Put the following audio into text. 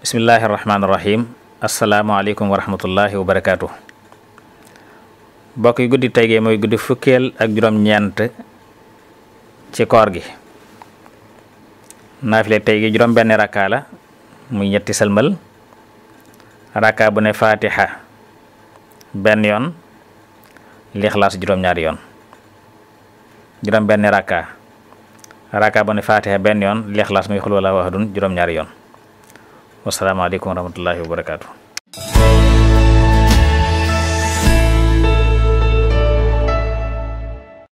bismillahi rahmaani rahim asalaamaaleykum wa rahmatullahi wa barakaatu. bokk yi guddi tey gi mooy guddi fukkeel ak juróom-ñeent ci koor gi naafile tey gi juróom-benn rakkaa la muy ñetti salmal rakkaa bu ne fatiha benn yoon lixlaas juróom-ñaari yoon juróom benni rakkaa rakkaa bu ne fatiha benn yoon lixlaas muy xul wala waxdun juróom-ñaari yoon wasalaamaaleykum wa rahmatullahi wa barakaatu.